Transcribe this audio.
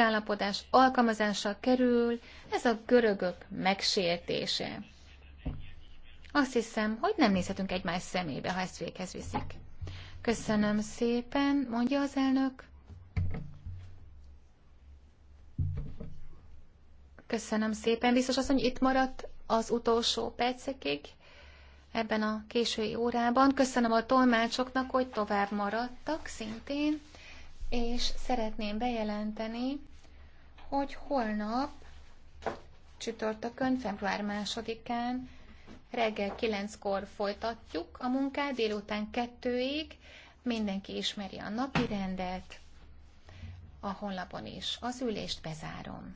megállapodás alkalmazásra kerül, ez a görögök megsértése. Azt hiszem, hogy nem nézhetünk egymás szemébe, ha ezt véghez viszik. Köszönöm szépen, mondja az elnök. Köszönöm szépen, biztos azt, hogy itt maradt az utolsó percekig ebben a késői órában. Köszönöm a tolmácsoknak, hogy tovább maradtak szintén és szeretném bejelenteni, hogy holnap csütörtökön, február másodikán reggel kilenckor folytatjuk a munkát, délután kettőig. mindenki ismeri a napi rendet, a honlapon is. Az ülést bezárom.